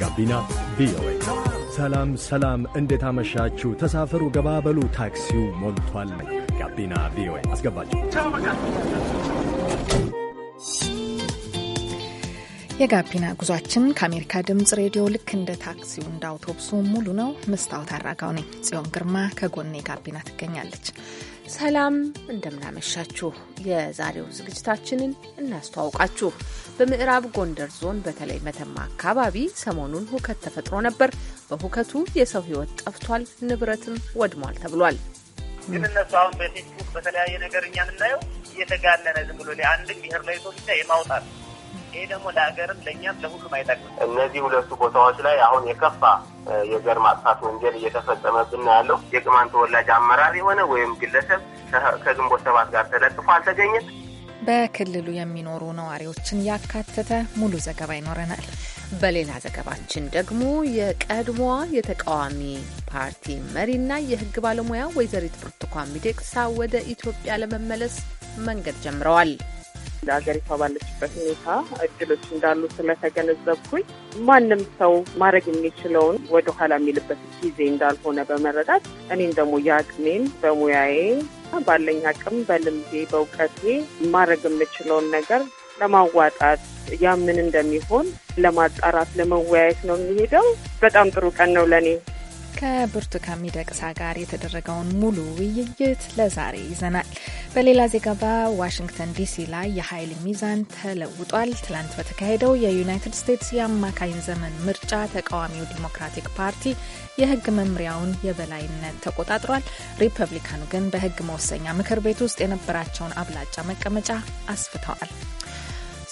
ጋቢና ቪኦኤ። ሰላም ሰላም፣ እንዴት አመሻችሁ? ተሳፈሩ፣ ገባበሉ፣ ታክሲው ሞልቷል። ጋቢና ቪኦኤ አስገባችሁ። የጋቢና ጉዟችን ከአሜሪካ ድምፅ ሬዲዮ ልክ እንደ ታክሲው እንደ አውቶቡሱ ሙሉ ነው። መስታወት አራጋው ነኝ። ጽዮን ግርማ ከጎኔ ጋቢና ትገኛለች። ሰላም እንደምናመሻችሁ። የዛሬው ዝግጅታችንን እናስተዋውቃችሁ። በምዕራብ ጎንደር ዞን በተለይ መተማ አካባቢ ሰሞኑን ሁከት ተፈጥሮ ነበር። በሁከቱ የሰው ሕይወት ጠፍቷል፣ ንብረትም ወድሟል ተብሏል። ግን እነሱ አሁን በፌስቡክ በተለያየ ነገር እኛ የምናየው እየተጋለነ ዝም ብሎ አንድም ብሔር ለይቶ ብቻ የማውጣት ይሄ ደግሞ ለሀገርም ለእኛም ለሁሉም አይጠቅም። እነዚህ ሁለቱ ቦታዎች ላይ አሁን የከፋ የዘር ማጥፋት ወንጀል እየተፈጸመብን ያለው የቅማን ተወላጅ አመራር የሆነ ወይም ግለሰብ ከግንቦት ሰባት ጋር ተለጥፎ አልተገኘም። በክልሉ የሚኖሩ ነዋሪዎችን ያካተተ ሙሉ ዘገባ ይኖረናል። በሌላ ዘገባችን ደግሞ የቀድሞዋ የተቃዋሚ ፓርቲ መሪና የሕግ ባለሙያ ወይዘሪት ብርቱካን ሚደቅሳ ወደ ኢትዮጵያ ለመመለስ መንገድ ጀምረዋል። ሀገሪቷ ባለችበት ሁኔታ እድሎች እንዳሉ ስለተገነዘብኩኝ ማንም ሰው ማድረግ የሚችለውን ወደኋላ የሚልበት ጊዜ እንዳልሆነ በመረዳት እኔም ደግሞ የአቅሜን በሙያዬ ባለኝ አቅም በልምዴ በእውቀቴ ማድረግ የምችለውን ነገር ለማዋጣት ያምን እንደሚሆን ለማጣራት ለመወያየት ነው የሚሄደው። በጣም ጥሩ ቀን ነው ለእኔ። ከብርቱካን ሚደቅሳ ጋር የተደረገውን ሙሉ ውይይት ለዛሬ ይዘናል። በሌላ ዘገባ ዋሽንግተን ዲሲ ላይ የኃይል ሚዛን ተለውጧል። ትላንት በተካሄደው የዩናይትድ ስቴትስ የአማካኝ ዘመን ምርጫ ተቃዋሚው ዲሞክራቲክ ፓርቲ የህግ መምሪያውን የበላይነት ተቆጣጥሯል። ሪፐብሊካኑ ግን በህግ መወሰኛ ምክር ቤት ውስጥ የነበራቸውን አብላጫ መቀመጫ አስፍተዋል።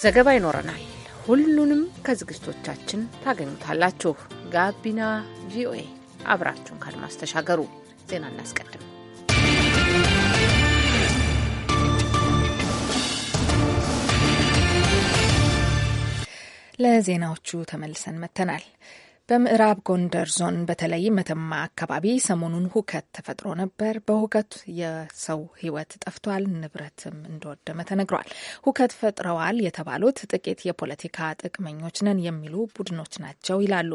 ዘገባ ይኖረናል። ሁሉንም ከዝግጅቶቻችን ታገኙታላችሁ። ጋቢና ቪኦኤ አብራችሁን ከአድማስ ተሻገሩ። ዜና እናስቀድም። ለዜናዎቹ ተመልሰን መጥተናል። በምዕራብ ጎንደር ዞን በተለይ መተማ አካባቢ ሰሞኑን ሁከት ተፈጥሮ ነበር። በሁከቱ የሰው ሕይወት ጠፍቷል፣ ንብረትም እንደወደመ ተነግሯል። ሁከት ፈጥረዋል የተባሉት ጥቂት የፖለቲካ ጥቅመኞች ነን የሚሉ ቡድኖች ናቸው ይላሉ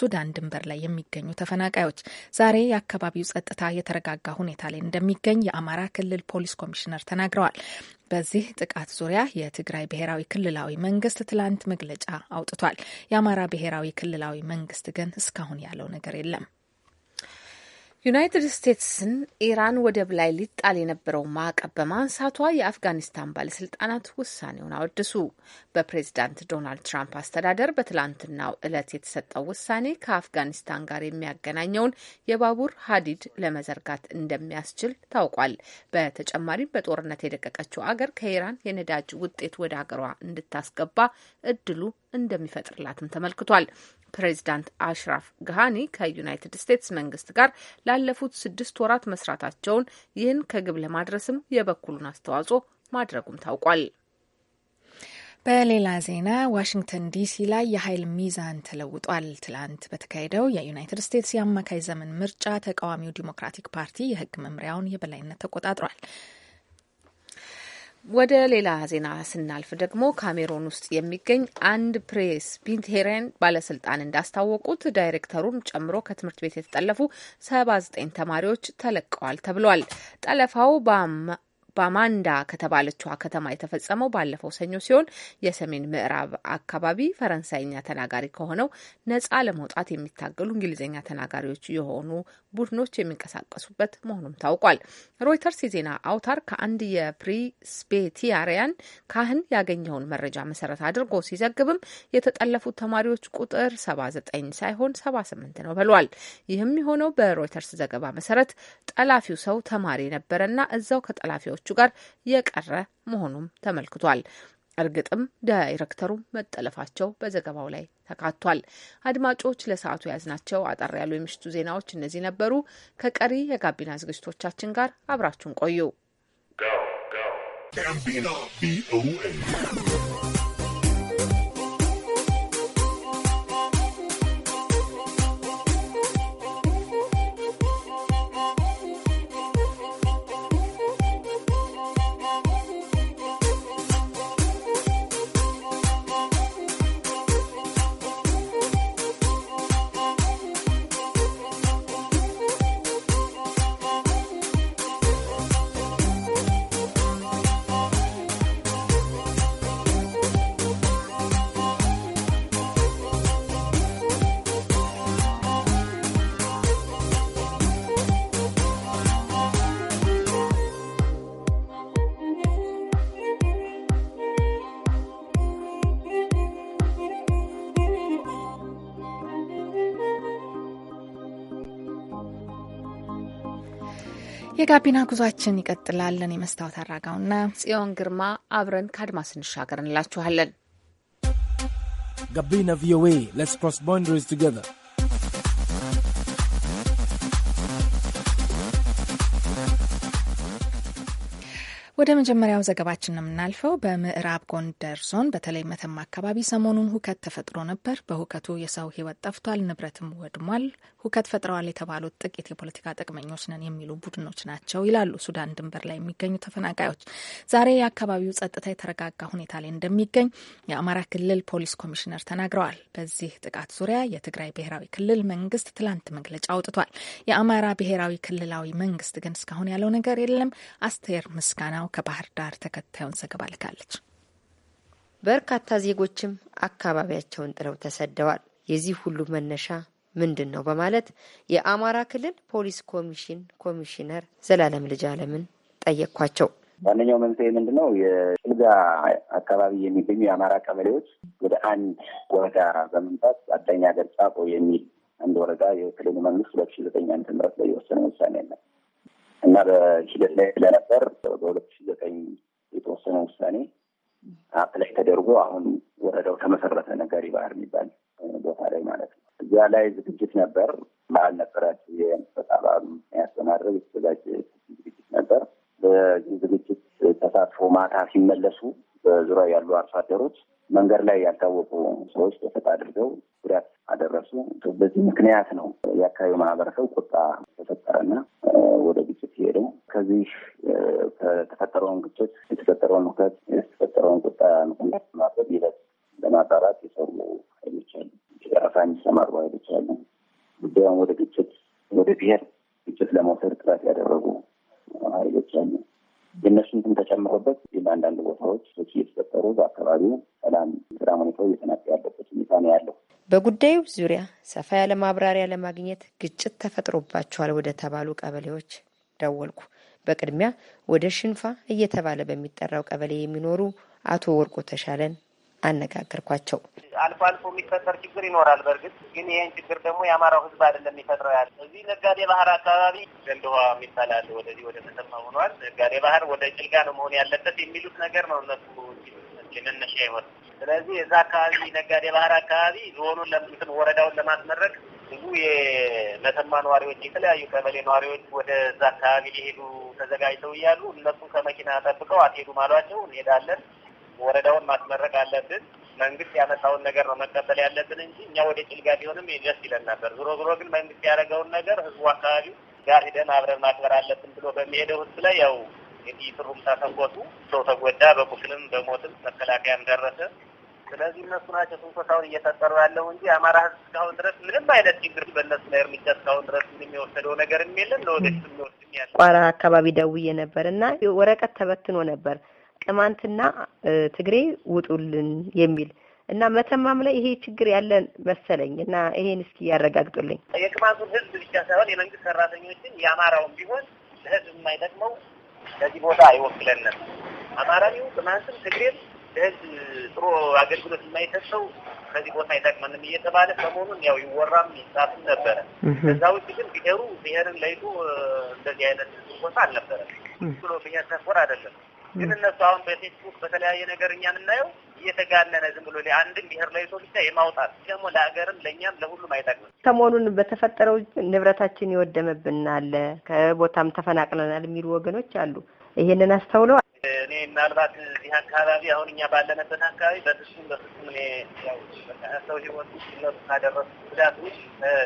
ሱዳን ድንበር ላይ የሚገኙ ተፈናቃዮች። ዛሬ የአካባቢው ጸጥታ የተረጋጋ ሁኔታ ላይ እንደሚገኝ የአማራ ክልል ፖሊስ ኮሚሽነር ተናግረዋል። በዚህ ጥቃት ዙሪያ የትግራይ ብሔራዊ ክልላዊ መንግስት ትላንት መግለጫ አውጥቷል። የአማራ ብሔራዊ ክልላዊ መንግስት ግን እስካሁን ያለው ነገር የለም። ዩናይትድ ስቴትስን ኢራን ወደብ ላይ ሊጣል የነበረው ማዕቀብ በማንሳቷ የአፍጋኒስታን ባለስልጣናት ውሳኔውን አወደሱ። በፕሬዝዳንት ዶናልድ ትራምፕ አስተዳደር በትላንትናው ዕለት የተሰጠው ውሳኔ ከአፍጋኒስታን ጋር የሚያገናኘውን የባቡር ሀዲድ ለመዘርጋት እንደሚያስችል ታውቋል። በተጨማሪም በጦርነት የደቀቀችው አገር ከኢራን የነዳጅ ውጤት ወደ አገሯ እንድታስገባ እድሉ እንደሚፈጥርላትም ተመልክቷል። ፕሬዚዳንት አሽራፍ ግሃኒ ከዩናይትድ ስቴትስ መንግስት ጋር ላለፉት ስድስት ወራት መስራታቸውን፣ ይህን ከግብ ለማድረስም የበኩሉን አስተዋጽኦ ማድረጉም ታውቋል። በሌላ ዜና ዋሽንግተን ዲሲ ላይ የኃይል ሚዛን ተለውጧል። ትላንት በተካሄደው የዩናይትድ ስቴትስ የአማካይ ዘመን ምርጫ ተቃዋሚው ዲሞክራቲክ ፓርቲ የህግ መምሪያውን የበላይነት ተቆጣጥሯል። ወደ ሌላ ዜና ስናልፍ ደግሞ ካሜሮን ውስጥ የሚገኝ አንድ ፕሬስ ፒንቴሬን ባለስልጣን እንዳስታወቁት ዳይሬክተሩን ጨምሮ ከትምህርት ቤት የተጠለፉ ሰባ ዘጠኝ ተማሪዎች ተለቀዋል ተብሏል። ጠለፋው ባማንዳ ከተባለችዋ ከተማ የተፈጸመው ባለፈው ሰኞ ሲሆን የሰሜን ምዕራብ አካባቢ ፈረንሳይኛ ተናጋሪ ከሆነው ነጻ ለመውጣት የሚታገሉ እንግሊዝኛ ተናጋሪዎች የሆኑ ቡድኖች የሚንቀሳቀሱበት መሆኑም ታውቋል። ሮይተርስ የዜና አውታር ከአንድ የፕሪስቤቲያሪያን ካህን ያገኘውን መረጃ መሰረት አድርጎ ሲዘግብም የተጠለፉት ተማሪዎች ቁጥር 79 ሳይሆን 78 ነው ብሏል። ይህም የሆነው በሮይተርስ ዘገባ መሰረት ጠላፊው ሰው ተማሪ ነበረና እዛው ከጠላፊዎች ከአሰሪዎቹ ጋር የቀረ መሆኑም ተመልክቷል። እርግጥም ዳይሬክተሩ መጠለፋቸው በዘገባው ላይ ተካቷል። አድማጮች ለሰዓቱ የያዝናቸው አጠር ያሉ የምሽቱ ዜናዎች እነዚህ ነበሩ። ከቀሪ የጋቢና ዝግጅቶቻችን ጋር አብራችሁን ቆዩ። የጋቢና ጉዟችን ይቀጥላለን። የመስታወት አራጋውና ጽዮን ግርማ አብረን ከአድማስ እንሻገር እንላችኋለን። ጋቢና ቪኦኤ ሌትስ ክሮስ ቦንደሪስ ቱጌዘር ወደ መጀመሪያው ዘገባችን የምናልፈው። በምዕራብ ጎንደር ዞን በተለይ መተማ አካባቢ ሰሞኑን ሁከት ተፈጥሮ ነበር። በሁከቱ የሰው ሕይወት ጠፍቷል፣ ንብረትም ወድሟል። ሁከት ፈጥረዋል የተባሉት ጥቂት የፖለቲካ ጥቅመኞች ነን የሚሉ ቡድኖች ናቸው ይላሉ ሱዳን ድንበር ላይ የሚገኙ ተፈናቃዮች። ዛሬ የአካባቢው ጸጥታ የተረጋጋ ሁኔታ ላይ እንደሚገኝ የአማራ ክልል ፖሊስ ኮሚሽነር ተናግረዋል። በዚህ ጥቃት ዙሪያ የትግራይ ብሔራዊ ክልል መንግስት ትላንት መግለጫ አውጥቷል። የአማራ ብሔራዊ ክልላዊ መንግስት ግን እስካሁን ያለው ነገር የለም። አስቴር ምስጋናው ከባህር ዳር ተከታዩን ዘገባ ልካለች። በርካታ ዜጎችም አካባቢያቸውን ጥለው ተሰደዋል። የዚህ ሁሉ መነሻ ምንድን ነው? በማለት የአማራ ክልል ፖሊስ ኮሚሽን ኮሚሽነር ዘላለም ልጅ አለምን ጠየቅኳቸው። ዋነኛው መንስኤ ምንድን ነው? የጭልጋ አካባቢ የሚገኙ የአማራ ቀበሌዎች ወደ አንድ ወረዳ በመምጣት አዳኝ ሀገር ጻቆ የሚል አንድ ወረዳ የክልሉ መንግስት ሁለት ሺ ዘጠኝ አንድ ምረት ላይ የወሰነ ውሳኔ ያለ እና በሂደት ላይ ስለነበር በሁለት ሺ ዘጠኝ የተወሰነ ውሳኔ አፕላይ ተደርጎ አሁን ወረዳው ተመሰረተ። ነገሪ ባህር የሚባል ቦታ ላይ ማለት ነው። እዚያ ላይ ዝግጅት ነበር። በዓል ነበራት። የምስረታ በዓሉ ምክንያት በማድረግ የተዘጋጀ ዝግጅት ነበር። በዚህ ዝግጅት ተሳትፎ ማታ ሲመለሱ በዙሪያ ያሉ አርሶ አደሮች መንገድ ላይ ያልታወቁ ሰዎች በፈጣ አድርገው ጉዳት አደረሱ። በዚህ ምክንያት ነው የአካባቢው ማህበረሰብ ቁጣ ተፈጠረና ወደ ግጭት የሄደው። ከዚህ ከተፈጠረውን ግጭት የተፈጠረውን ሁከት የተፈጠረውን ቁጣ ምክንያት ማድረግ ይለት ለማጣራት የሰሩ ኃይሎች አሉ። የራሳ የሚሰማሩ ኃይሎች አሉ። ጉዳዩን ወደ ግጭት ወደ ብሄር ግጭት ለመውሰድ ጥረት ያደረጉ ኃይሎች አሉ። የእነሱን ስም ተጨምሮበት በአንዳንድ ቦታዎች ሰዎች እየተፈጠሩ በአካባቢው ሰላም ሰላም ሁኔታው እየተናቀ ያለበት ሁኔታ ነው ያለው። በጉዳዩ ዙሪያ ሰፋ ያለ ማብራሪያ ለማግኘት ግጭት ተፈጥሮባቸዋል ወደ ተባሉ ቀበሌዎች ደወልኩ። በቅድሚያ ወደ ሽንፋ እየተባለ በሚጠራው ቀበሌ የሚኖሩ አቶ ወርቆ ተሻለን አነጋገርኳቸው። አልፎ አልፎ የሚፈጠር ችግር ይኖራል። በእርግጥ ግን ይህን ችግር ደግሞ የአማራው ሕዝብ አይደለም የሚፈጥረው ያለ እዚህ ነጋዴ ባህር አካባቢ ዘንድዋ የሚባላል ወደዚህ ወደ ተሰማ ሆኗል። ነጋዴ ባህር ወደ ጭልጋ ነው መሆን ያለበት የሚሉት ነገር ነው እነሱ መነሻ ይሆን። ስለዚህ እዛ አካባቢ ነጋዴ ባህር አካባቢ ዞኑን ለምትን ወረዳውን ለማስመረቅ ብዙ የመተማ ነዋሪዎች የተለያዩ ቀበሌ ነዋሪዎች ወደዛ አካባቢ ሊሄዱ ተዘጋጅተው እያሉ እነሱ ከመኪና ጠብቀው አትሄዱም አሏቸው። እንሄዳለን ወረዳውን ማስመረቅ አለብን። መንግስት ያመጣውን ነገር ነው መቀበል ያለብን እንጂ እኛ ወደ ጭልጋ ቢሆንም ደስ ይለን ነበር። ዞሮ ዞሮ ግን መንግስት ያደረገውን ነገር ህዝቡ አካባቢው ጋር ሂደን አብረን ማክበር አለብን ብሎ በሚሄደው ህዝብ ላይ ያው እንግዲህ ፍሩምታ ተንቆቱ፣ ሰው ተጎዳ፣ በቁስልም በሞትም መከላከያም ደረሰ። ስለዚህ እነሱ ናቸው ትንኮሳውን እየፈጠሩ ያለው እንጂ አማራ ህዝብ እስካሁን ድረስ ምንም አይነት ችግር በእነሱ ላይ እርምጃ እስካሁን ድረስ የሚወሰደው ነገር የለም። ለወደፊት የሚወስድ ያለ ቋራ አካባቢ ደውዬ ነበር እና ወረቀት ተበትኖ ነበር ቅማንትና ትግሬ ውጡልን የሚል እና መተማም ላይ ይሄ ችግር ያለን መሰለኝ እና ይሄን እስኪ ያረጋግጡልኝ። የቅማንቱን ህዝብ ብቻ ሳይሆን የመንግስት ሰራተኞችን የአማራውን ቢሆን ለህዝብ የማይጠቅመው ከዚህ ቦታ አይወክለንም። አማራዊው ቅማንትም ትግሬም ለህዝብ ጥሩ አገልግሎት የማይሰጠው ከዚህ ቦታ አይጠቅመንም እየተባለ ሰሞኑን ያው ይወራም ይጻፍም ነበረ። እዛ ውጭ ግን ብሔሩ ብሔርን ለይቶ እንደዚህ አይነት ቦታ አልነበረም። ብሎ ብሔር ተኮር አይደለም ግን እነሱ አሁን በፌስቡክ በተለያየ ነገር እኛ የምናየው እየተጋነነ ዝም ብሎ አንድም ብሔር ላይ ብቻ የማውጣት ደግሞ ለሀገርም ለእኛም ለሁሉም አይጠቅምም። ሰሞኑን በተፈጠረው ንብረታችን አለ ከቦታም ተፈናቅለናል የሚሉ ወገኖች አሉ። ይሄንን አስተውለው እኔ ምናልባት በዚህ አካባቢ አሁን እኛ ባለንበት አካባቢ በፍጹም በፍጹም እኔ ሰው ህይወት ሲነሱ ካደረሱ ጉዳት ውስጥ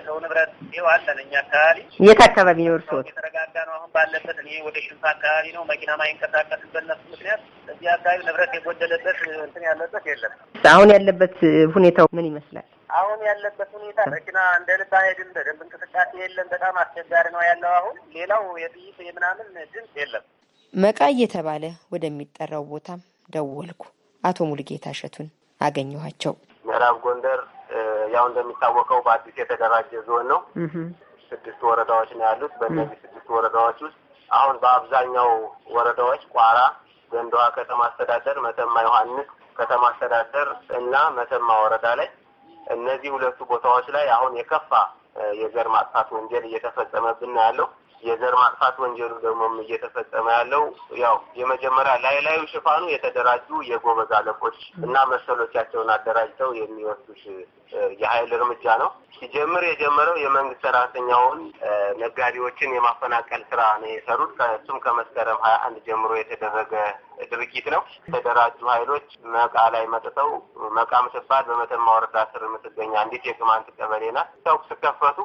ሰው ንብረት ይው አለን። እኛ አካባቢ የት አካባቢ ነው እርስዎ? የተረጋጋ ነው አሁን ባለበት። እኔ ወደ ሽንፋ አካባቢ ነው መኪና ማይንቀሳቀስበት በነሱ ምክንያት እዚህ አካባቢ ንብረት የጎደለበት እንትን ያለበት የለም። አሁን ያለበት ሁኔታው ምን ይመስላል? አሁን ያለበት ሁኔታ መኪና እንደ ልብ አይሄድም። በደንብ እንቅስቃሴ የለም። በጣም አስቸጋሪ ነው ያለው። አሁን ሌላው የጥይት የምናምን ድምፅ የለም። መቃ እየተባለ ወደሚጠራው ቦታም ደወልኩ። አቶ ሙሉጌታ እሸቱን አገኘኋቸው። ምዕራብ ጎንደር ያው እንደሚታወቀው በአዲስ የተደራጀ ዞን ነው። ስድስት ወረዳዎች ነው ያሉት። በእነዚህ ስድስት ወረዳዎች ውስጥ አሁን በአብዛኛው ወረዳዎች ቋራ፣ ገንዳዋ ከተማ አስተዳደር፣ መተማ ዮሐንስ ከተማ አስተዳደር እና መተማ ወረዳ ላይ እነዚህ ሁለቱ ቦታዎች ላይ አሁን የከፋ የዘር ማጥፋት ወንጀል እየተፈጸመብን ነው ያለው። የዘር ማጥፋት ወንጀሉ ደግሞ እየተፈጸመ ያለው ያው የመጀመሪያ ላይ ላዩ ሽፋኑ የተደራጁ የጎበዝ አለቆች እና መሰሎቻቸውን አደራጅተው የሚወስዱት የኃይል እርምጃ ነው። ሲጀምር የጀመረው የመንግስት ሰራተኛውን ነጋዴዎችን የማፈናቀል ስራ ነው የሰሩት። ከእሱም ከመስከረም ሀያ አንድ ጀምሮ የተደረገ ድርጊት ነው። የተደራጁ ኃይሎች መቃ ላይ መጥተው መቃ ምትባል በመተማ ወረዳ ስር የምትገኝ አንዲት የቅማንት ቀበሌ ናት። ተኩስ ከፈቱ።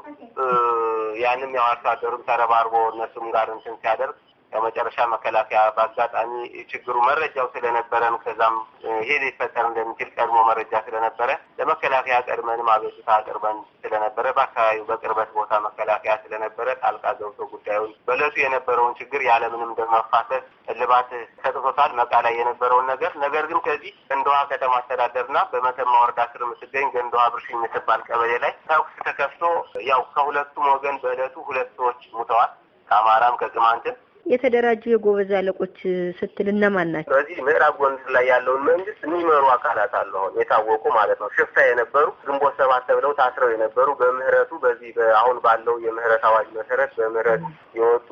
ያንም ያው አርሶ አደሩም ተረባርቦ እነሱም ጋር እንትን ሲያደርግ ለመጨረሻ መከላከያ በአጋጣሚ ችግሩ መረጃው ስለነበረን ከዛም ይሄ ሊፈጠር እንደሚችል ቀድሞ መረጃ ስለነበረ ለመከላከያ ቀድመንም አቤቱታ አቅርበን ስለነበረ በአካባቢው በቅርበት ቦታ መከላከያ ስለነበረ ጣልቃ ገብቶ ጉዳዩን በዕለቱ የነበረውን ችግር ያለምንም ደም መፋሰስ እልባት ሰጥቶታል መቃ ላይ የነበረውን ነገር። ነገር ግን ከዚህ ገንዳዋ ከተማ አስተዳደርና በመተማ ወረዳ ስር የምትገኝ ገንዳዋ ብርሽ የምትባል ቀበሌ ላይ ተኩስ ተከፍቶ ያው ከሁለቱም ወገን በእለቱ ሁለት ሰዎች ሙተዋል። ከአማራም ከቅማንትም የተደራጁ የጎበዝ አለቆች ስትል እነማን ናቸው? በዚህ ምዕራብ ጎንደር ላይ ያለውን መንግስት የሚመሩ አካላት አሉ። አሁን የታወቁ ማለት ነው። ሽፍታ የነበሩ ግንቦት ሰባት ተብለው ታስረው የነበሩ በምህረቱ በዚህ አሁን ባለው የምህረት አዋጅ መሰረት በምህረት የወጡ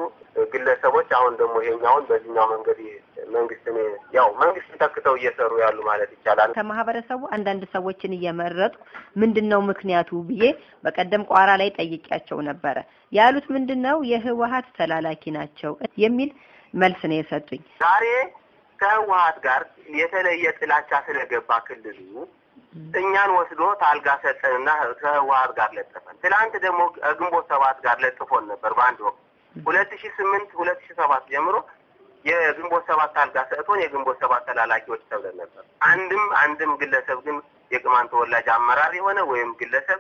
ግለሰቦች አሁን ደግሞ ይሄኛውን በዚህኛው መንገድ መንግስትን ያው መንግስትን ተክተው እየሰሩ ያሉ ማለት ይቻላል። ከማህበረሰቡ አንዳንድ ሰዎችን እየመረጡ ምንድን ነው ምክንያቱ ብዬ በቀደም ቋራ ላይ ጠይቄያቸው ነበረ። ያሉት ምንድን ነው የህወሀት ተላላኪ ናቸው የሚል መልስ ነው የሰጡኝ። ዛሬ ከህወሀት ጋር የተለየ ጥላቻ ስለገባ ክልሉ እኛን ወስዶ ታልጋ ሰጠንና ከህወሀት ጋር ለጠፈን። ትናንት ደግሞ ግንቦት ሰባት ጋር ለጥፎን ነበር በአንድ ወቅት ሁለት ሺ ስምንት ሁለት ሺ ሰባት ጀምሮ የግንቦት ሰባት አልጋ ሰጥቶን የግንቦት ሰባት ተላላኪዎች ተብለን ነበር። አንድም አንድም ግለሰብ ግን የቅማንት ተወላጅ አመራር የሆነ ወይም ግለሰብ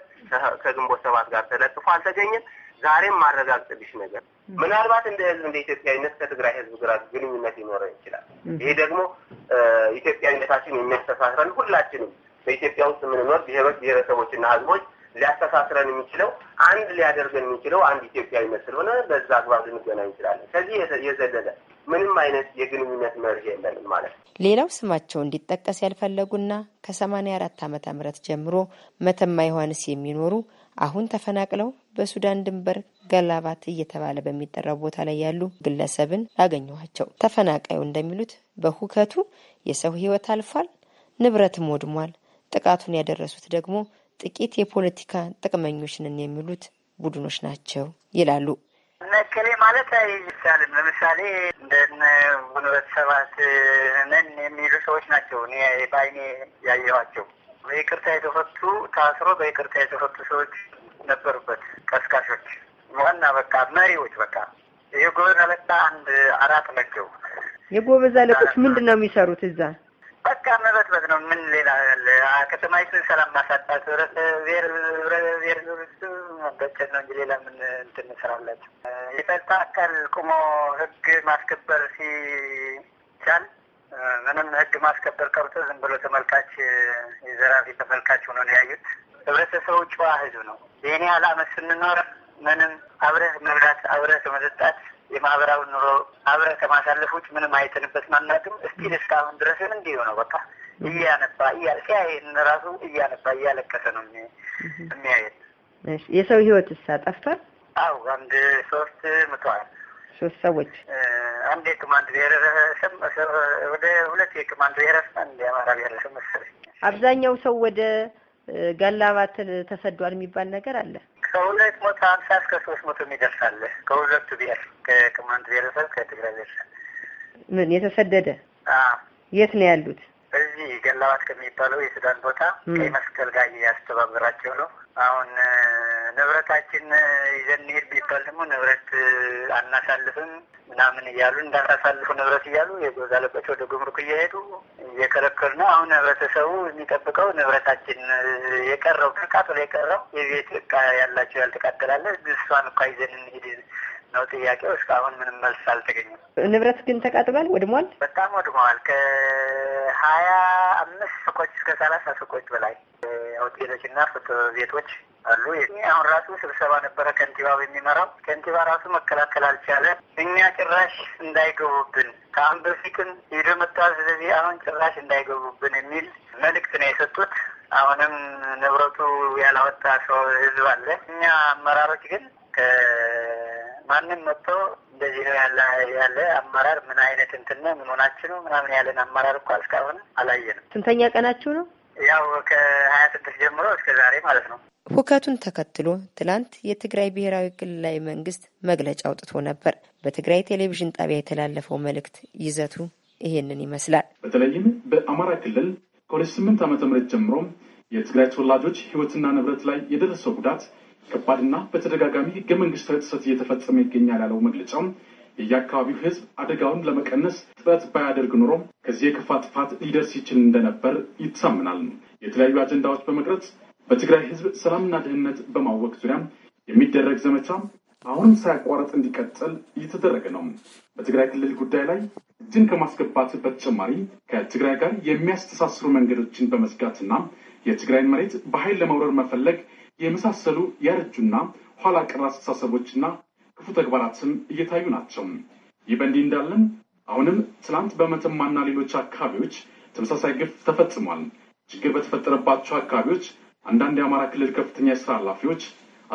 ከግንቦት ሰባት ጋር ተለጥፎ አልተገኘም። ዛሬም ማረጋግጥልሽ ነገር ምናልባት እንደ ህዝብ እንደ ኢትዮጵያዊነት ከትግራይ ህዝብ ጋር ግንኙነት ሊኖረን ይችላል። ይሄ ደግሞ ኢትዮጵያዊነታችን የሚያስተሳስረን ሁላችንም በኢትዮጵያ ውስጥ የምንኖር ብሔሮች ብሔረሰቦችና ህዝቦች ሊያስተሳስረን የሚችለው አንድ ሊያደርገን የሚችለው አንድ ኢትዮጵያዊነት ስለሆነ በዛ አግባብ ልንገና እንችላለን። ከዚህ የዘለለ ምንም አይነት የግንኙነት መርህ የለንም ማለት ነው። ሌላው ስማቸው እንዲጠቀስ ያልፈለጉና ከሰማኒያ አራት ዓመተ ምህረት ጀምሮ መተማ ዮሐንስ የሚኖሩ አሁን ተፈናቅለው በሱዳን ድንበር ገላባት እየተባለ በሚጠራው ቦታ ላይ ያሉ ግለሰብን ያገኘኋቸው ተፈናቃዩ እንደሚሉት በሁከቱ የሰው ሕይወት አልፏል፣ ንብረትም ወድሟል። ጥቃቱን ያደረሱት ደግሞ ጥቂት የፖለቲካ ጥቅመኞች ነን የሚሉት ቡድኖች ናቸው ይላሉ። መከሌ ማለት አይቻልም። ለምሳሌ እንደነ ግንቦት ሰባት ነን የሚሉ ሰዎች ናቸው። እኔ በአይኔ ያየኋቸው በይቅርታ የተፈቱ ታስሮ በይቅርታ የተፈቱ ሰዎች ነበሩበት። ቀስቃሾች ዋና በቃ መሪዎች በቃ የጎበዝ አለቃ አንድ አራት መገቡ የጎበዝ አለቆች ምንድን ነው የሚሰሩት እዛ በቃ መበትበት ነው። ምን ሌላ ያለ ከተማይቱን ሰላም ማሳጣት ብረት ብሔር ብሔር መበቸት ነው እንጂ ሌላ ምን እንትን ስራላቸው የጸጥታ አካል ቁሞ ህግ ማስከበር ሲቻል ምንም ህግ ማስከበር ቀርቶ ዝም ብሎ ተመልካች የዘራፊ ተመልካች ሆኖ ነው ያዩት። ህብረተሰቡ ጨዋ ህዝብ ነው። የእኔ አላመት ስንኖር ምንም አብረህ መብላት አብረህ መጠጣት የማህበራዊ ኑሮ አብረ ከማሳለፍ ውጭ ምንም አይተንበት ማናግም እስቲል እስካሁን ድረስም እንዲሁ ነው። በቃ እያነባ እያል ይህን ራሱ እያነባ እያለቀሰ ነው የሚያየት። የሰው ህይወት እሳ ጠፍቷል። አው አንድ ሶስት ምቷል። ሶስት ሰዎች አንድ የቅማንት ብሔረሰብ ወደ ሁለት የቅማንት ብሔረሰብ አንድ የአማራ ብሔረሰብ መሰለኝ። አብዛኛው ሰው ወደ ጋላባትን ተሰዷል የሚባል ነገር አለ። ከሁለት መቶ ሀምሳ እስከ ሶስት መቶ የሚደርሳለ ከሁለቱ ብሔር ከቅማንት ብሔረሰብ ከትግራይ ብሔረሰብ ምን የተሰደደ የት ነው ያሉት? እዚህ ገላባት ከሚባለው የሱዳን ቦታ ቀይ መስቀል ጋር እያስተባበራቸው ነው። አሁን ንብረታችን ይዘን ሄድ ቢባል ደግሞ ንብረት አናሳልፍም ምናምን እያሉ እንዳታሳልፉ ንብረት እያሉ የጎዛ ለቆች ወደ ጉምሩክ እየሄዱ እየከለከሉ ነው። አሁን ህብረተሰቡ የሚጠብቀው ንብረታችን የቀረው ተቃጥሎ የቀረው የቤት እቃ ያላቸው ያልተቃጠላለ እሷን እኳ ይዘን እንሂድ ነው ጥያቄው። እስካሁን ምንም መልስ አልተገኘም። ንብረት ግን ተቃጥሏል፣ ወድሟል፣ በጣም ወድመዋል። ከሀያ አምስት ሱቆች እስከ ሰላሳ ሱቆች በላይ ሆቴሎች እና ፎቶ ቤቶች አሉ። አሁን ራሱ ስብሰባ ነበረ ከንቲባ የሚመራው ከንቲባ ራሱ መከላከል አልቻለ። እኛ ጭራሽ እንዳይገቡብን ከአሁን በፊትም ሂዶ መጣ። ስለዚህ አሁን ጭራሽ እንዳይገቡብን የሚል መልእክት ነው የሰጡት። አሁንም ንብረቱ ያላወጣ ሰው ህዝብ አለ። እኛ አመራሮች ግን ከማንም መጥቶ እንደዚህ ነው ያለ ያለ አመራር ምን አይነት እንትን ምን ሆናችሁ ነው ምናምን ያለን አመራር እኮ እስካሁን አላየንም። ስንተኛ ቀናችሁ ነው? ያው ከሀያ ስድስት ጀምሮ እስከ ዛሬ ማለት ነው። ሁከቱን ተከትሎ ትላንት የትግራይ ብሔራዊ ክልላዊ መንግስት መግለጫ አውጥቶ ነበር። በትግራይ ቴሌቪዥን ጣቢያ የተላለፈው መልእክት ይዘቱ ይሄንን ይመስላል። በተለይም በአማራ ክልል ከወደ ስምንት ዓመተ ምህረት ጀምሮ የትግራይ ተወላጆች ህይወትና ንብረት ላይ የደረሰው ጉዳት ከባድና በተደጋጋሚ ህገ መንግስታዊ ጥሰት እየተፈጸመ ይገኛል ያለው መግለጫው የየአካባቢው ህዝብ አደጋውን ለመቀነስ ጥረት ባያደርግ ኖሮ ከዚህ የከፋ ጥፋት ሊደርስ ይችል እንደነበር ይታምናል። የተለያዩ አጀንዳዎች በመቅረጽ በትግራይ ህዝብ ሰላምና ድህነት በማወቅ ዙሪያ የሚደረግ ዘመቻ አሁንም ሳያቋረጥ እንዲቀጥል እየተደረገ ነው። በትግራይ ክልል ጉዳይ ላይ እጅን ከማስገባት በተጨማሪ ከትግራይ ጋር የሚያስተሳስሩ መንገዶችን በመዝጋትና የትግራይን መሬት በኃይል ለመውረር መፈለግ የመሳሰሉ ያረጁና ኋላ ቀር አስተሳሰቦችና ክፉ ተግባራትም እየታዩ ናቸው። ይህ በእንዲህ እንዳለን አሁንም ትናንት በመተማና ሌሎች አካባቢዎች ተመሳሳይ ግፍ ተፈጽሟል። ችግር በተፈጠረባቸው አካባቢዎች አንዳንድ የአማራ ክልል ከፍተኛ የስራ ኃላፊዎች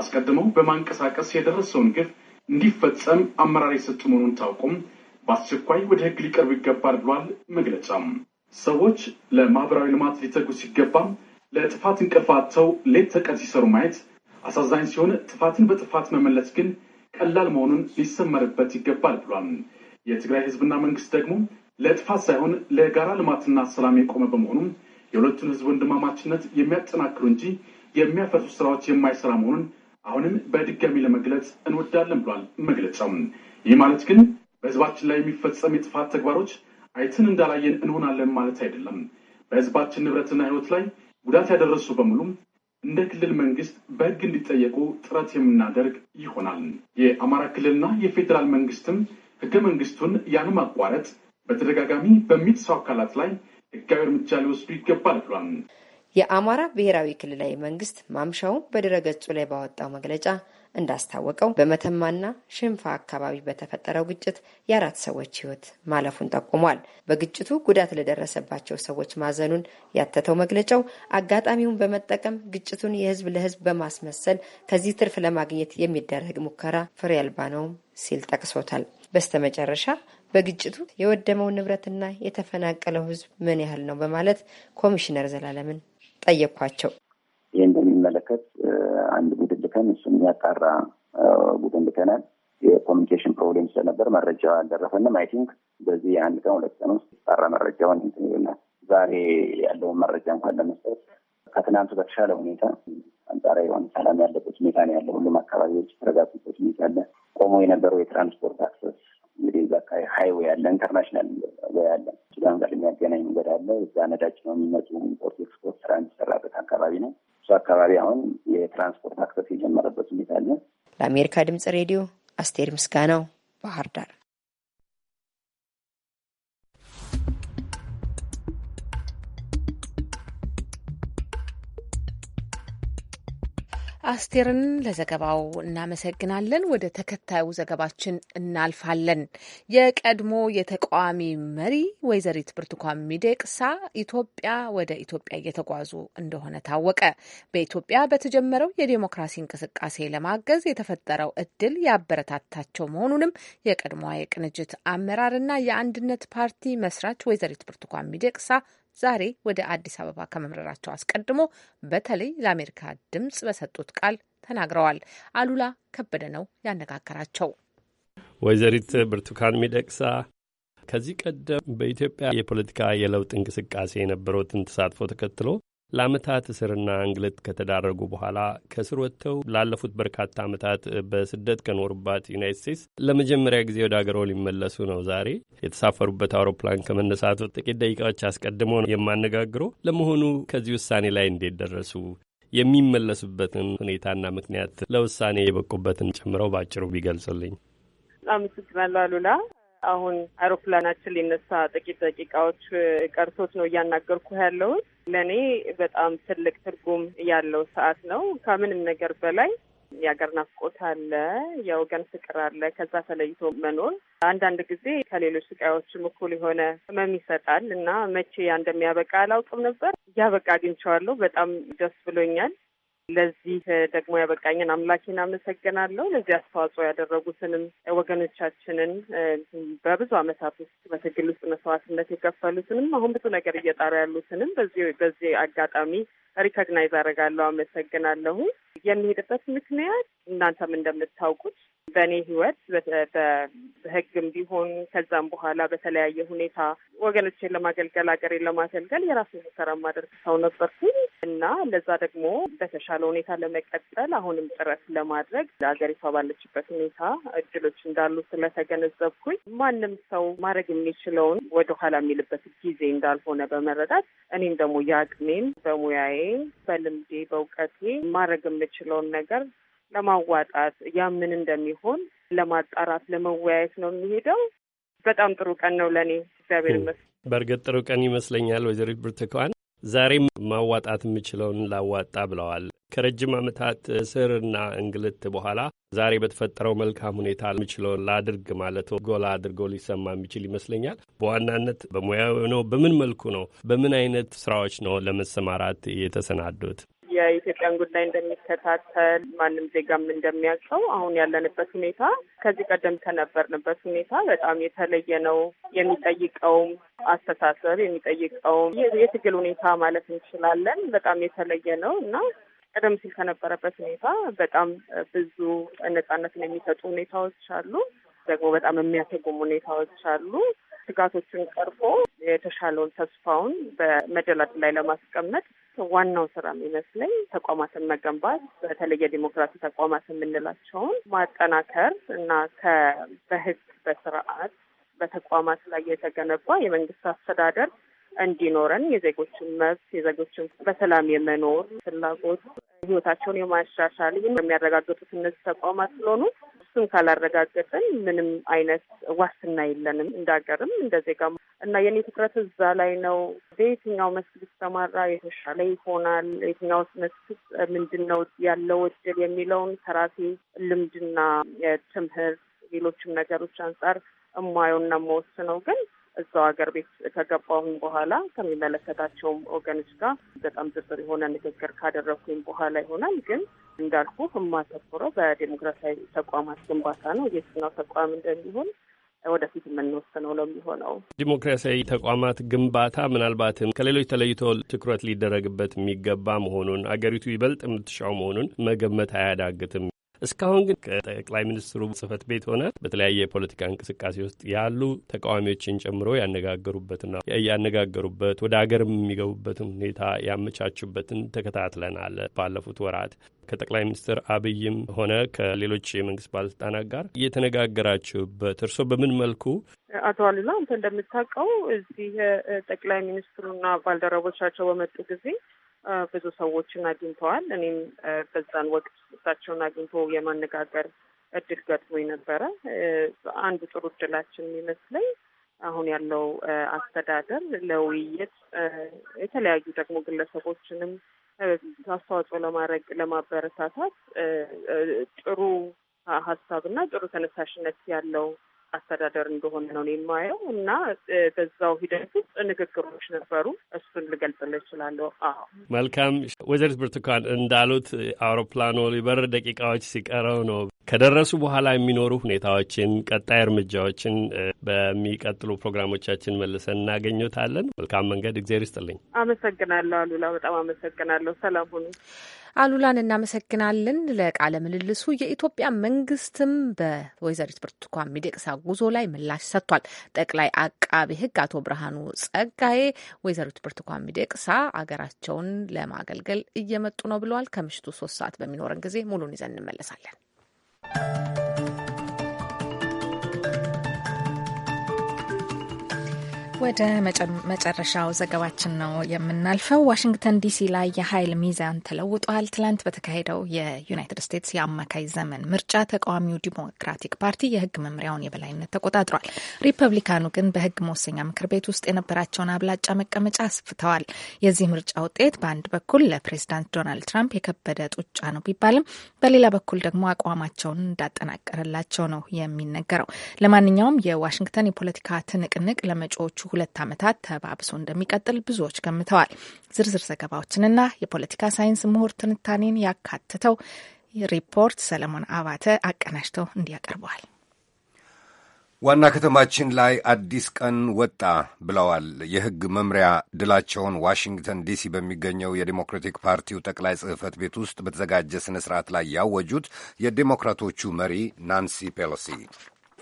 አስቀድመው በማንቀሳቀስ የደረሰውን ግፍ እንዲፈጸም አመራር የሰጡ መሆኑን ታውቁም በአስቸኳይ ወደ ህግ ሊቀርቡ ይገባል ብሏል። መግለጫም ሰዎች ለማህበራዊ ልማት ሊተጉ ሲገባም ለጥፋት እንቅልፍ ሌት ተቀን ሲሰሩ ማየት አሳዛኝ ሲሆን ጥፋትን በጥፋት መመለስ ግን ቀላል መሆኑን ሊሰመርበት ይገባል ብሏል። የትግራይ ህዝብና መንግስት ደግሞ ለጥፋት ሳይሆን ለጋራ ልማትና ሰላም የቆመ በመሆኑም የሁለቱን ህዝብ ወንድማማችነት የሚያጠናክሩ እንጂ የሚያፈርሱ ስራዎች የማይሰራ መሆኑን አሁንም በድጋሚ ለመግለጽ እንወዳለን ብሏል መግለጫው። ይህ ማለት ግን በህዝባችን ላይ የሚፈጸም የጥፋት ተግባሮች አይትን እንዳላየን እንሆናለን ማለት አይደለም። በህዝባችን ንብረትና ህይወት ላይ ጉዳት ያደረሱ በሙሉም እንደ ክልል መንግስት በህግ እንዲጠየቁ ጥረት የምናደርግ ይሆናል። የአማራ ክልልና የፌዴራል መንግስትም ህገ መንግስቱን ያለማቋረጥ በተደጋጋሚ በሚጥሰው አካላት ላይ ሕጋዊ እርምጃ ሊወስዱ ይገባል ብሏል። የአማራ ብሔራዊ ክልላዊ መንግስት ማምሻውን በድረገጹ ላይ ባወጣው መግለጫ እንዳስታወቀው በመተማና ሽንፋ አካባቢ በተፈጠረው ግጭት የአራት ሰዎች ህይወት ማለፉን ጠቁሟል። በግጭቱ ጉዳት ለደረሰባቸው ሰዎች ማዘኑን ያተተው መግለጫው አጋጣሚውን በመጠቀም ግጭቱን የህዝብ ለህዝብ በማስመሰል ከዚህ ትርፍ ለማግኘት የሚደረግ ሙከራ ፍሬ አልባ ነውም ሲል ጠቅሶታል። በስተመጨረሻ በግጭቱ የወደመው ንብረትና የተፈናቀለው ህዝብ ምን ያህል ነው በማለት ኮሚሽነር ዘላለምን ጠየኳቸው። ይህ እንደሚመለከት አንድ ቡድን ልከን እሱም የሚያጣራ ቡድን ልከናል። የኮሚኒኬሽን ፕሮብሌም ስለነበር መረጃ አልደረሰንም። አይ ቲንክ በዚህ የአንድ ቀን ሁለት ቀን ውስጥ ጣራ መረጃውን እንትን ይሆናል። ዛሬ ያለውን መረጃ እንኳን ለመስጠት ከትናንቱ በተሻለ ሁኔታ አንጻራዊ የሆነ ሰላም ያለበት ሁኔታ ነው ያለ። ሁሉም አካባቢዎች የተረጋጉበት ሁኔታ አለ። ቆሞ የነበረው የትራንስፖርት አክሰስ እንግዲህ እዛ ሀይዌ ሀይዌይ ያለ ኢንተርናሽናል ወይ ያለ ሱዳን ጋር የሚያገናኝ መንገድ አለ። እዛ ነዳጅ ነው የሚመጡ ኢምፖርት ኤክስፖርት ስራ የሚሰራበት አካባቢ ነው። እሱ አካባቢ አሁን የትራንስፖርት አክሰስ የጀመረበት ሁኔታ አለ። ለአሜሪካ ድምጽ ሬዲዮ አስቴር ምስጋናው ባህር ዳር። አስቴርን ለዘገባው እናመሰግናለን። ወደ ተከታዩ ዘገባችን እናልፋለን። የቀድሞ የተቃዋሚ መሪ ወይዘሪት ብርቱካን ሚደቅሳ ኢትዮጵያ ወደ ኢትዮጵያ እየተጓዙ እንደሆነ ታወቀ። በኢትዮጵያ በተጀመረው የዴሞክራሲ እንቅስቃሴ ለማገዝ የተፈጠረው እድል ያበረታታቸው መሆኑንም የቀድሞዋ የቅንጅት አመራርና የአንድነት ፓርቲ መስራች ወይዘሪት ብርቱካን ሚደቅሳ ዛሬ ወደ አዲስ አበባ ከመምረራቸው አስቀድሞ በተለይ ለአሜሪካ ድምጽ በሰጡት ቃል ተናግረዋል። አሉላ ከበደ ነው ያነጋገራቸው። ወይዘሪት ብርቱካን ሚደቅሳ ከዚህ ቀደም በኢትዮጵያ የፖለቲካ የለውጥ እንቅስቃሴ የነበረውትን ተሳትፎ ተከትሎ ለአመታት እስርና እንግልት ከተዳረጉ በኋላ ከእስር ወጥተው ላለፉት በርካታ ዓመታት በስደት ከኖሩባት ዩናይት ስቴትስ ለመጀመሪያ ጊዜ ወደ አገሮ ሊመለሱ ነው። ዛሬ የተሳፈሩበት አውሮፕላን ከመነሳቱ ጥቂት ደቂቃዎች አስቀድሞ ነው የማነጋግሮ። ለመሆኑ ከዚህ ውሳኔ ላይ እንዴት ደረሱ? የሚመለሱበትን ሁኔታና ምክንያት ለውሳኔ የበቁበትን ጨምረው በአጭሩ ቢገልጹልኝ። አመሰግናለሁ አሉላ። አሁን አይሮፕላናችን ሊነሳ ጥቂት ደቂቃዎች ቀርቶት ነው እያናገርኩ ያለውን። ለእኔ በጣም ትልቅ ትርጉም ያለው ሰዓት ነው። ከምንም ነገር በላይ የሀገር ናፍቆት አለ፣ የወገን ፍቅር አለ። ከዛ ተለይቶ መኖር አንዳንድ ጊዜ ከሌሎች ስቃዮችም እኩል የሆነ ህመም ይሰጣል እና መቼ ያ እንደሚያበቃ አላውቅም ነበር። ያበቃ አግኝቼዋለሁ። በጣም ደስ ብሎኛል። ለዚህ ደግሞ ያበቃኝን አምላኬን አመሰግናለሁ። ለዚህ አስተዋጽኦ ያደረጉትንም ወገኖቻችንን በብዙ ዓመታት ውስጥ በትግል ውስጥ መስዋዕትነት የከፈሉትንም አሁን ብዙ ነገር እየጣሩ ያሉትንም በዚህ በዚህ አጋጣሚ ሪኮግናይዝ አደርጋለሁ፣ አመሰግናለሁ። የሚሄድበት ምክንያት እናንተም እንደምታውቁት በእኔ ህይወት በህግም ቢሆን ከዛም በኋላ በተለያየ ሁኔታ ወገኖቼን ለማገልገል አገሬን ለማገልገል የራሴ ሙከራ ማደርግ ሰው ነበርኩኝ እና ለዛ ደግሞ በተሻ በተሻለ ሁኔታ ለመቀጠል አሁንም ጥረት ለማድረግ ሀገሪቷ ባለችበት ሁኔታ እድሎች እንዳሉ ስለተገነዘብኩኝ ማንም ሰው ማድረግ የሚችለውን ወደኋላ የሚልበት ጊዜ እንዳልሆነ በመረዳት እኔም ደግሞ የአቅሜን በሙያዬ፣ በልምዴ፣ በእውቀቴ ማድረግ የምችለውን ነገር ለማዋጣት ያምን እንደሚሆን ለማጣራት ለመወያየት ነው የሚሄደው። በጣም ጥሩ ቀን ነው ለእኔ እግዚአብሔር ይመስገን። በእርግጥ ጥሩ ቀን ይመስለኛል። ወይዘሪት ብርቱካን ዛሬም ማዋጣት የምችለውን ላዋጣ ብለዋል። ከረጅም ዓመታት እስርና እንግልት በኋላ ዛሬ በተፈጠረው መልካም ሁኔታ ምችለው ላድርግ ማለት ጎላ አድርጎ ሊሰማ የሚችል ይመስለኛል። በዋናነት በሙያው ነው። በምን መልኩ ነው? በምን አይነት ስራዎች ነው ለመሰማራት የተሰናዱት? የኢትዮጵያን ጉዳይ እንደሚከታተል ማንም ዜጋም እንደሚያውቀው አሁን ያለንበት ሁኔታ ከዚህ ቀደም ከነበርንበት ሁኔታ በጣም የተለየ ነው። የሚጠይቀውም አስተሳሰብ የሚጠይቀውም የትግል ሁኔታ ማለት እንችላለን። በጣም የተለየ ነው እና ቀደም ሲል ከነበረበት ሁኔታ በጣም ብዙ ነጻነትን የሚሰጡ ሁኔታዎች አሉ፣ ደግሞ በጣም የሚያሰጉም ሁኔታዎች አሉ። ስጋቶችን ቀርፎ የተሻለውን ተስፋውን በመደላድ ላይ ለማስቀመጥ ዋናው ስራ የሚመስለኝ ተቋማትን መገንባት በተለይ የዲሞክራሲ ተቋማት የምንላቸውን ማጠናከር እና ከበህግ በስርዓት በተቋማት ላይ የተገነባ የመንግስት አስተዳደር እንዲኖረን የዜጎችን መብት የዜጎችን በሰላም የመኖር ፍላጎት ህይወታቸውን የማሻሻል የሚያረጋግጡት እነዚህ ተቋማት ስለሆኑ እሱን ካላረጋገጥን ምንም አይነት ዋስትና የለንም እንዳገርም እንደ ዜጋ እና የኔ ትኩረት እዛ ላይ ነው። በየትኛው መስክ ብሰማራ የተሻለ ይሆናል፣ የትኛው መስክ ምንድን ነው ያለው እድል የሚለውን ከራሴ ልምድና ትምህርት ሌሎችም ነገሮች አንጻር እማየውና መወስነው ግን እዛው ሀገር ቤት ከገባሁም በኋላ ከሚመለከታቸውም ወገኖች ጋር በጣም ዝርዝር የሆነ ንግግር ካደረግኩኝ በኋላ ይሆናል። ግን እንዳልኩ የማተኩረው በዴሞክራሲያዊ ተቋማት ግንባታ ነው። የትኛው ተቋም እንደሚሆን ወደፊት የምንወስነው ነው የሚሆነው። ዲሞክራሲያዊ ተቋማት ግንባታ ምናልባትም ከሌሎች ተለይቶ ትኩረት ሊደረግበት የሚገባ መሆኑን አገሪቱ ይበልጥ የምትሻው መሆኑን መገመት አያዳግትም። እስካሁን ግን ከጠቅላይ ሚኒስትሩ ጽህፈት ቤት ሆነ በተለያየ የፖለቲካ እንቅስቃሴ ውስጥ ያሉ ተቃዋሚዎችን ጨምሮ ያነጋገሩበትና ያነጋገሩበት ወደ ሀገርም የሚገቡበትን ሁኔታ ያመቻቹበትን ተከታትለናል። ባለፉት ወራት ከጠቅላይ ሚኒስትር አብይም ሆነ ከሌሎች የመንግስት ባለስልጣናት ጋር እየተነጋገራችሁበት እርስዎ በምን መልኩ አቶ አሉላ አንተ እንደምታውቀው እዚህ ጠቅላይ ሚኒስትሩና ባልደረቦቻቸው በመጡ ጊዜ ብዙ ሰዎችን አግኝተዋል። እኔም በዛን ወቅት እሳቸውን አግኝቶ የማነጋገር እድል ገጥሞኝ ነበረ። አንዱ ጥሩ እድላችን የሚመስለኝ አሁን ያለው አስተዳደር ለውይይት የተለያዩ ደግሞ ግለሰቦችንም አስተዋጽኦ ለማድረግ ለማበረታታት ጥሩ ሀሳብና ጥሩ ተነሳሽነት ያለው አስተዳደር እንደሆነ ነው የማየው እና በዛው ሂደት ውስጥ ንግግሮች ነበሩ። እሱን ልገልጽልህ እችላለሁ። አዎ መልካም። ወይዘሪት ብርቱካን እንዳሉት አውሮፕላኑ ሊበር ደቂቃዎች ሲቀረው ነው ከደረሱ በኋላ የሚኖሩ ሁኔታዎችን፣ ቀጣይ እርምጃዎችን በሚቀጥሉ ፕሮግራሞቻችን መልሰን እናገኘታለን። መልካም መንገድ። እግዜር ይስጥልኝ። አመሰግናለሁ አሉላ። በጣም አመሰግናለሁ። ሰላም ሁኑ። አሉላን እናመሰግናለን ለቃለ ምልልሱ። የኢትዮጵያ መንግስትም በወይዘሪት ብርቱካን ሚደቅሳ ጉዞ ላይ ምላሽ ሰጥቷል። ጠቅላይ አቃቤ ሕግ አቶ ብርሃኑ ጸጋዬ ወይዘሪት ብርቱካን ሚደቅሳ አገራቸውን ለማገልገል እየመጡ ነው ብለዋል። ከምሽቱ ሶስት ሰዓት በሚኖረን ጊዜ ሙሉን ይዘን እንመለሳለን። Música ወደ መጨረሻው ዘገባችን ነው የምናልፈው። ዋሽንግተን ዲሲ ላይ የኃይል ሚዛን ተለውጧል። ትላንት በተካሄደው የዩናይትድ ስቴትስ የአማካይ ዘመን ምርጫ ተቃዋሚው ዲሞክራቲክ ፓርቲ የህግ መምሪያውን የበላይነት ተቆጣጥሯል። ሪፐብሊካኑ ግን በህግ መወሰኛ ምክር ቤት ውስጥ የነበራቸውን አብላጫ መቀመጫ አስፍተዋል። የዚህ ምርጫ ውጤት በአንድ በኩል ለፕሬዚዳንት ዶናልድ ትራምፕ የከበደ ጡጫ ነው ቢባልም በሌላ በኩል ደግሞ አቋማቸውን እንዳጠናቀረላቸው ነው የሚነገረው። ለማንኛውም የዋሽንግተን የፖለቲካ ትንቅንቅ ለመጪዎቹ ሁለት ዓመታት ተባብሶ እንደሚቀጥል ብዙዎች ገምተዋል። ዝርዝር ዘገባዎችንና የፖለቲካ ሳይንስ ምሁር ትንታኔን ያካትተው ሪፖርት ሰለሞን አባተ አቀናጅተው እንዲያቀርበዋል። ዋና ከተማችን ላይ አዲስ ቀን ወጣ ብለዋል የሕግ መምሪያ ድላቸውን ዋሽንግተን ዲሲ በሚገኘው የዴሞክራቲክ ፓርቲው ጠቅላይ ጽሕፈት ቤት ውስጥ በተዘጋጀ ሥነ ሥርዓት ላይ ያወጁት የዴሞክራቶቹ መሪ ናንሲ ፔሎሲ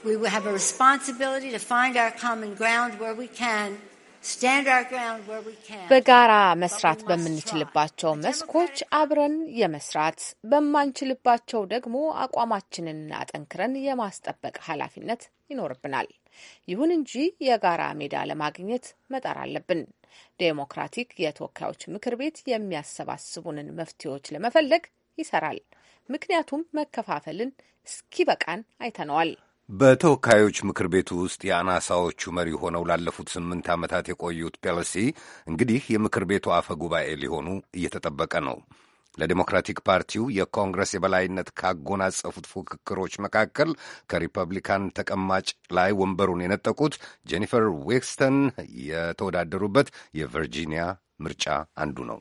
We have a responsibility to find our common ground where we can. በጋራ መስራት በምንችልባቸው መስኮች አብረን የመስራት በማንችልባቸው ደግሞ አቋማችንን አጠንክረን የማስጠበቅ ኃላፊነት ይኖርብናል። ይሁን እንጂ የጋራ ሜዳ ለማግኘት መጣር አለብን። ዴሞክራቲክ የተወካዮች ምክር ቤት የሚያሰባስቡንን መፍትሄዎች ለመፈለግ ይሰራል። ምክንያቱም መከፋፈልን እስኪበቃን አይተነዋል። በተወካዮች ምክር ቤቱ ውስጥ የአናሳዎቹ መሪ ሆነው ላለፉት ስምንት ዓመታት የቆዩት ፔሎሲ እንግዲህ የምክር ቤቱ አፈ ጉባኤ ሊሆኑ እየተጠበቀ ነው። ለዲሞክራቲክ ፓርቲው የኮንግረስ የበላይነት ካጎናጸፉት ፉክክሮች መካከል ከሪፐብሊካን ተቀማጭ ላይ ወንበሩን የነጠቁት ጄኒፈር ዌክስተን የተወዳደሩበት የቨርጂኒያ ምርጫ አንዱ ነው።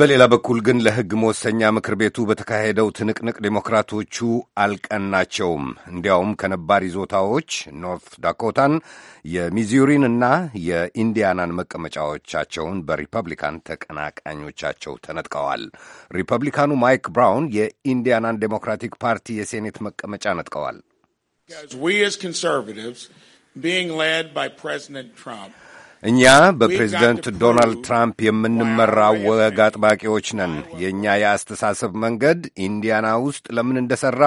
በሌላ በኩል ግን ለሕግ መወሰኛ ምክር ቤቱ በተካሄደው ትንቅንቅ ዴሞክራቶቹ አልቀናቸውም። እንዲያውም ከነባር ይዞታዎች ኖርት ዳኮታን፣ የሚዙሪን እና የኢንዲያናን መቀመጫዎቻቸውን በሪፐብሊካን ተቀናቃኞቻቸው ተነጥቀዋል። ሪፐብሊካኑ ማይክ ብራውን የኢንዲያናን ዴሞክራቲክ ፓርቲ የሴኔት መቀመጫ ነጥቀዋል። እኛ በፕሬዝደንት ዶናልድ ትራምፕ የምንመራ ወግ አጥባቂዎች ነን። የእኛ የአስተሳሰብ መንገድ ኢንዲያና ውስጥ ለምን እንደሠራ፣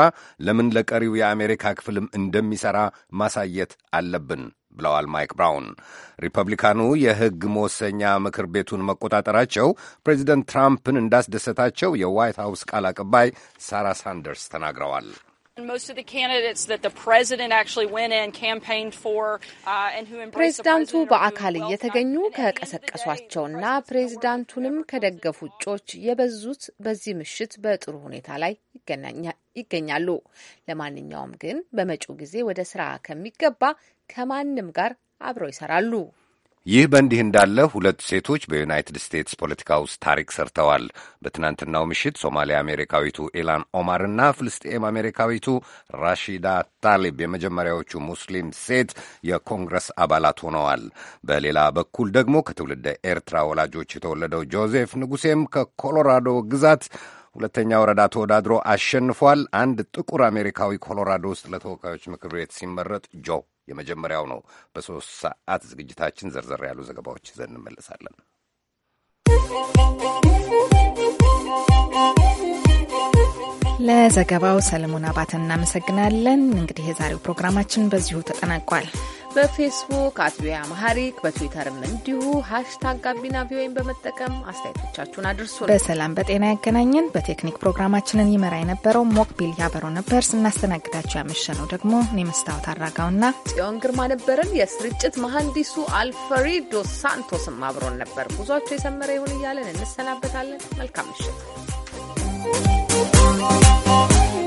ለምን ለቀሪው የአሜሪካ ክፍልም እንደሚሠራ ማሳየት አለብን ብለዋል ማይክ ብራውን። ሪፐብሊካኑ የሕግ መወሰኛ ምክር ቤቱን መቆጣጠራቸው ፕሬዚደንት ትራምፕን እንዳስደሰታቸው የዋይት ሀውስ ቃል አቀባይ ሳራ ሳንደርስ ተናግረዋል። Uh, ፕሬዚዳንቱ በአካል እየተገኙ ከቀሰቀሷቸውና ፕሬዚዳንቱንም ከደገፉ እጩዎች የበዙት በዚህ ምሽት በጥሩ ሁኔታ ላይ ይገኛሉ። ለማንኛውም ግን በመጪው ጊዜ ወደ ስራ ከሚገባ ከማንም ጋር አብረው ይሰራሉ። ይህ በእንዲህ እንዳለ ሁለት ሴቶች በዩናይትድ ስቴትስ ፖለቲካ ውስጥ ታሪክ ሰርተዋል። በትናንትናው ምሽት ሶማሊያ አሜሪካዊቱ ኢላን እና ፍልስጤም አሜሪካዊቱ ራሺዳ ታሊብ የመጀመሪያዎቹ ሙስሊም ሴት የኮንግረስ አባላት ሆነዋል። በሌላ በኩል ደግሞ ከትውልደ ኤርትራ ወላጆች የተወለደው ጆዜፍ ንጉሴም ከኮሎራዶ ግዛት ሁለተኛ ወረዳ ተወዳድሮ አሸንፏል። አንድ ጥቁር አሜሪካዊ ኮሎራዶ ውስጥ ለተወካዮች ምክር ቤት ሲመረጥ ጆ የመጀመሪያው ነው። በሶስት ሰዓት ዝግጅታችን ዘርዘር ያሉ ዘገባዎች ይዘን እንመለሳለን። ለዘገባው ሰለሞን አባተ እናመሰግናለን። እንግዲህ የዛሬው ፕሮግራማችን በዚሁ ተጠናቋል። በፌስቡክ አት ቪኦኤ አማሃሪክ በትዊተርም እንዲሁ ሀሽታግ ጋቢና ቪኦኤን በመጠቀም አስተያየቶቻችሁን አድርሱ። በሰላም በጤና ያገናኘን። በቴክኒክ ፕሮግራማችንን ይመራ የነበረው ሞክቢል ያበረው ነበር። ስናስተናግዳቸው ያመሸነው ደግሞ እኔ መስታወት አራጋውና ጽዮን ግርማ ነበርን። የስርጭት መሐንዲሱ አልፈሪዶ ሳንቶስም አብሮን ነበር። ጉዟቸው የሰመረ ይሁን እያለን እንሰናበታለን። መልካም ምሽት። No